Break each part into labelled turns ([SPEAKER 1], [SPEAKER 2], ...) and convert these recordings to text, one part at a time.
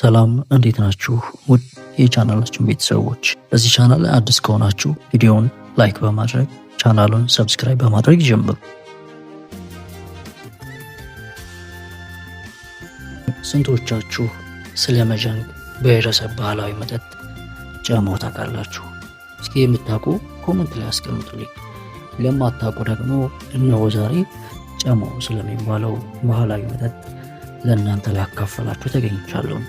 [SPEAKER 1] ሰላም እንዴት ናችሁ? ውድ የቻናላችን ቤተሰቦች፣ በዚህ ቻናል ላይ አዲስ ከሆናችሁ ቪዲዮውን ላይክ በማድረግ ቻናሉን ሰብስክራይብ በማድረግ ጀምሩ። ስንቶቻችሁ ስለ መጀንግ ብሔረሰብ ባህላዊ መጠጥ ጨሞ ታውቃላችሁ? እስኪ የምታውቁ ኮመንት ላይ አስቀምጡልኝ። ለማታውቁ ደግሞ እነሆ ዛሬ ጨመው ስለሚባለው ባህላዊ መጠጥ ለእናንተ ላካፈላችሁ ተገኝቻለሁ።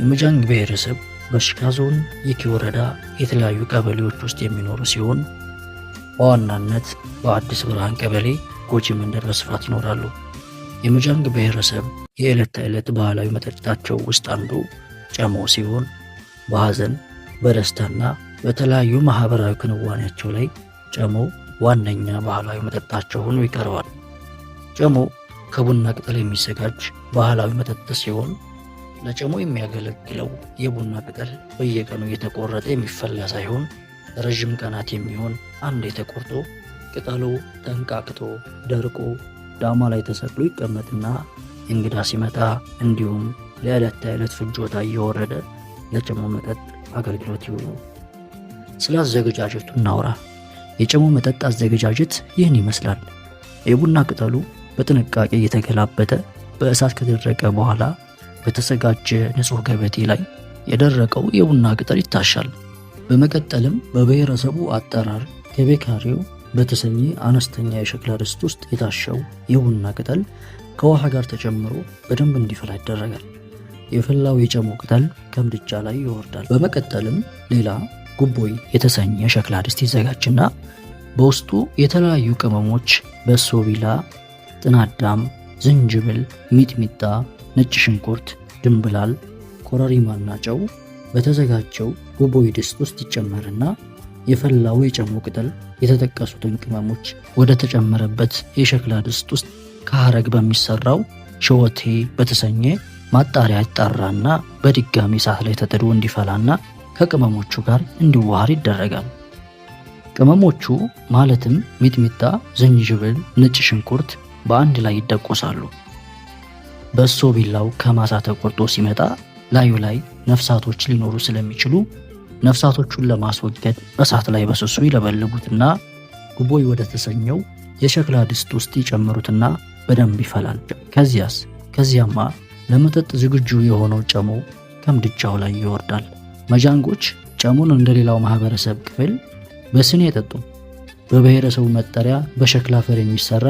[SPEAKER 1] የመጃንግ ብሔረሰብ በሽካ ዞን የኪ ወረዳ የተለያዩ ቀበሌዎች ውስጥ የሚኖሩ ሲሆን በዋናነት በአዲስ ብርሃን ቀበሌ ጎጂ መንደር በስፋት ይኖራሉ። የመጃንግ ብሔረሰብ የዕለት ተዕለት ባህላዊ መጠጣቸው ውስጥ አንዱ ጨሞ ሲሆን በሐዘን በደስታና በተለያዩ ማህበራዊ ክንዋኔያቸው ላይ ጨሞ ዋነኛ ባህላዊ መጠጣቸው ሆኖ ይቀርባል። ጨሞ ከቡና ቅጠል የሚዘጋጅ ባህላዊ መጠጥ ሲሆን ለጭሙ የሚያገለግለው የቡና ቅጠል በየቀኑ እየተቆረጠ የሚፈላ ሳይሆን ረዥም ቀናት የሚሆን አንዴ ተቆርጦ ቅጠሉ ተንቃቅቶ ደርቆ ዳማ ላይ ተሰቅሎ ይቀመጥና እንግዳ ሲመጣ እንዲሁም ለዕለት ተዕለት ፍጆታ እየወረደ ለጭሙ መጠጥ አገልግሎት ይውሉ። ስለ አዘገጃጀቱ እናውራ። የጭሙ መጠጥ አዘገጃጀት ይህን ይመስላል። የቡና ቅጠሉ በጥንቃቄ እየተገላበጠ በእሳት ከደረቀ በኋላ በተዘጋጀ ንጹሕ ገበቴ ላይ የደረቀው የቡና ቅጠል ይታሻል። በመቀጠልም በብሔረሰቡ አጠራር ከቤካሪው በተሰኘ አነስተኛ የሸክላ ድስት ውስጥ የታሸው የቡና ቅጠል ከውሃ ጋር ተጨምሮ በደንብ እንዲፈላ ይደረጋል። የፈላው የጨሞ ቅጠል ከምድጃ ላይ ይወርዳል። በመቀጠልም ሌላ ጉቦይ የተሰኘ ሸክላ ድስት ይዘጋጅና በውስጡ የተለያዩ ቅመሞች በሶቢላ ጥናዳም ዝንጅብል፣ ሚጥሚጣ፣ ነጭ ሽንኩርት፣ ድንብላል፣ ኮረሪማና ጨው በተዘጋጀው ጉቦይ ድስት ውስጥ ይጨመርና የፈላው የጨሞ ቅጠል የተጠቀሱትን ቅመሞች ወደ ተጨመረበት የሸክላ ድስት ውስጥ ከሐረግ በሚሰራው ሸወቴ በተሰኘ ማጣሪያ ይጣራና በድጋሚ እሳት ላይ ተጥዶ እንዲፈላና ከቅመሞቹ ጋር እንዲዋሃድ ይደረጋል። ቅመሞቹ ማለትም ሚጥሚጣ፣ ዝንጅብል፣ ነጭ ሽንኩርት በአንድ ላይ ይደቆሳሉ። በሶ ቢላው ከማሳ ተቆርጦ ሲመጣ ላዩ ላይ ነፍሳቶች ሊኖሩ ስለሚችሉ ነፍሳቶቹን ለማስወገድ እሳት ላይ በስሱ ይለበልቡትና ጉቦይ ወደ ተሰኘው የሸክላ ድስት ውስጥ ይጨምሩትና በደንብ ይፈላል። ከዚያስ ከዚያማ ለመጠጥ ዝግጁ የሆነው ጨሞ ከምድጃው ላይ ይወርዳል። መጃንጎች ጨሙን እንደ ሌላው ማህበረሰብ ክፍል በስኔ አይጠጡም። በብሔረሰቡ መጠሪያ በሸክላ አፈር የሚሰራ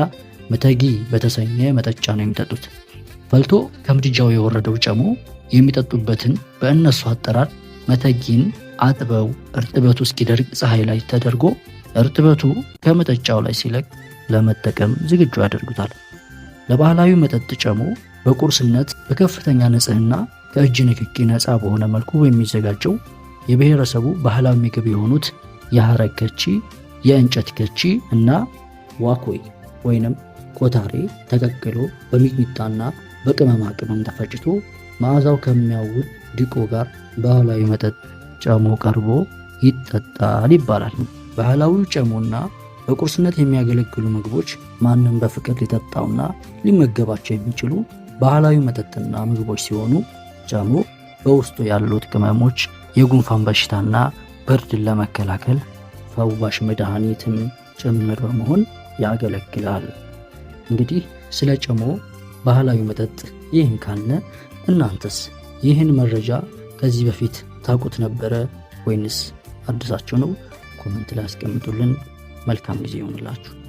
[SPEAKER 1] መተጊ በተሰኘ መጠጫ ነው የሚጠጡት። ፈልቶ ከምድጃው የወረደው ጨሞ የሚጠጡበትን በእነሱ አጠራር መተጊን አጥበው እርጥበቱ እስኪደርቅ ፀሐይ ላይ ተደርጎ እርጥበቱ ከመጠጫው ላይ ሲለቅ ለመጠቀም ዝግጁ ያደርጉታል። ለባህላዊ መጠጥ ጨሞ በቁርስነት በከፍተኛ ንጽህና ከእጅ ንክኪ ነፃ በሆነ መልኩ የሚዘጋጀው የብሔረሰቡ ባህላዊ ምግብ የሆኑት የሐረግ ገቺ የእንጨት ከቺ እና ዋኮይ ወይንም ቆታሬ ተቀቅሎ በሚጥሚጣና በቅመማ ቅመም ተፈጭቶ መዓዛው ከሚያውድ ዲቆ ጋር ባህላዊ መጠጥ ጨሞ ቀርቦ ይጠጣል ይባላል። ባህላዊ ጨሞና በቁርስነት የሚያገለግሉ ምግቦች ማንም በፍቅር ሊጠጣውና ሊመገባቸው የሚችሉ ባህላዊ መጠጥና ምግቦች ሲሆኑ ጨሞ በውስጡ ያሉት ቅመሞች የጉንፋን በሽታና ብርድን ለመከላከል ፈዋሽ መድኃኒትም ጭምር በመሆን ያገለግላል። እንግዲህ ስለ ጨሞ ባህላዊ መጠጥ ይህን ካልነ እናንተስ ይህን መረጃ ከዚህ በፊት ታውቁት ነበረ ወይንስ አድሳቸው ነው? ኮመንት ላይ አስቀምጡልን። መልካም ጊዜ ይሆንላችሁ።